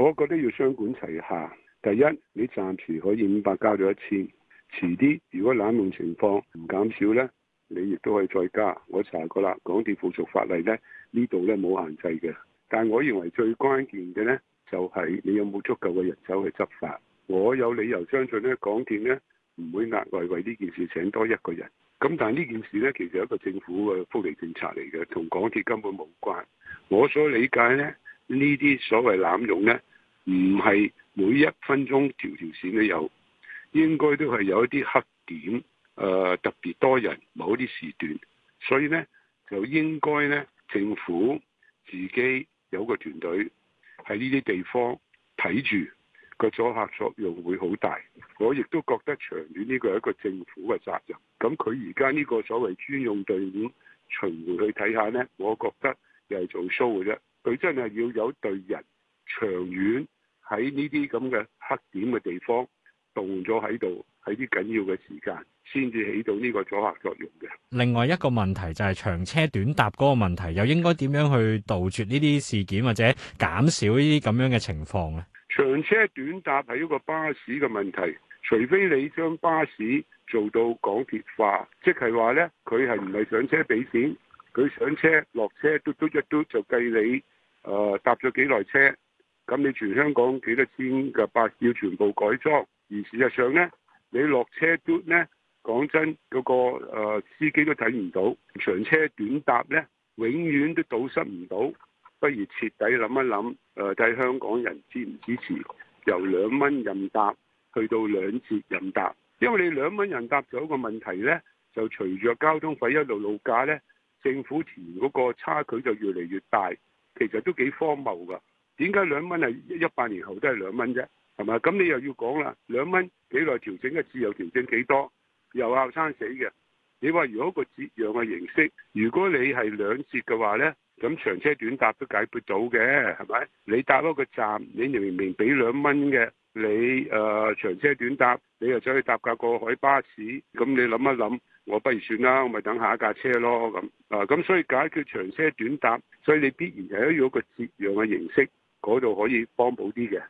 我覺得要雙管齊下。第一，你暫時可以五百加咗一千，遲啲如果濫用情況唔減少呢，你亦都可以再加。我查過啦，港鐵附屬法例呢呢度呢冇限制嘅。但我認為最關鍵嘅呢就係、是、你有冇足夠嘅人手去執法。我有理由相信呢，港鐵呢唔會額外為呢件事請多一個人。咁但呢件事呢，其實係一個政府嘅福利政策嚟嘅，同港鐵根本冇關。我所理解呢，呢啲所謂濫用呢。唔係每一分鐘條條線都有，應該都係有一啲黑點，誒、呃、特別多人某啲時段，所以呢，就應該呢政府自己有個團隊喺呢啲地方睇住，個阻嚇作用會好大。我亦都覺得長遠呢個係一個政府嘅責任。咁佢而家呢個所謂專用隊伍巡迴去睇下呢，我覺得又係做 show 嘅啫。佢真係要有隊人長遠。喺呢啲咁嘅黑點嘅地方動咗喺度，喺啲緊要嘅時間，先至起到呢個阻嚇作用嘅。另外一個問題就係長車短搭嗰個問題，又應該點樣去杜絕呢啲事件或者減少呢啲咁樣嘅情況咧？長車短搭係一個巴士嘅問題，除非你將巴士做到港鐵化，即係話呢，佢係唔係上車畀錢？佢上車落車嘟嘟一嘟就計你，誒、呃、搭咗幾耐車。咁你全香港幾多千嘅巴士要全部改裝？而事實上呢，你落車嘟呢，講真嗰個司機都睇唔到，長車短搭呢，永遠都堵塞唔到。不如徹底諗一諗誒，睇香港人支唔支持由兩蚊任搭去到兩折任搭，因為你兩蚊任搭就一個問題呢，就隨住交通費一路路價呢，政府填嗰個差距就越嚟越大，其實都幾荒謬㗎。點解兩蚊係一百年後都係兩蚊啫？係嘛？咁你又要講啦，兩蚊幾耐調整一次，又調整幾多？又拗慘死嘅。你話如果一個折讓嘅形式，如果你係兩折嘅話呢，咁長車短搭都解決到嘅，係咪？你搭嗰個站，你明明俾兩蚊嘅，你誒、呃、長車短搭，你又想去搭架過海巴士，咁你諗一諗，我不如算啦，我咪等下一架車咯咁。啊，咁所以解決長車短搭，所以你必然係要一個折讓嘅形式。嗰度可以幫補啲嘅。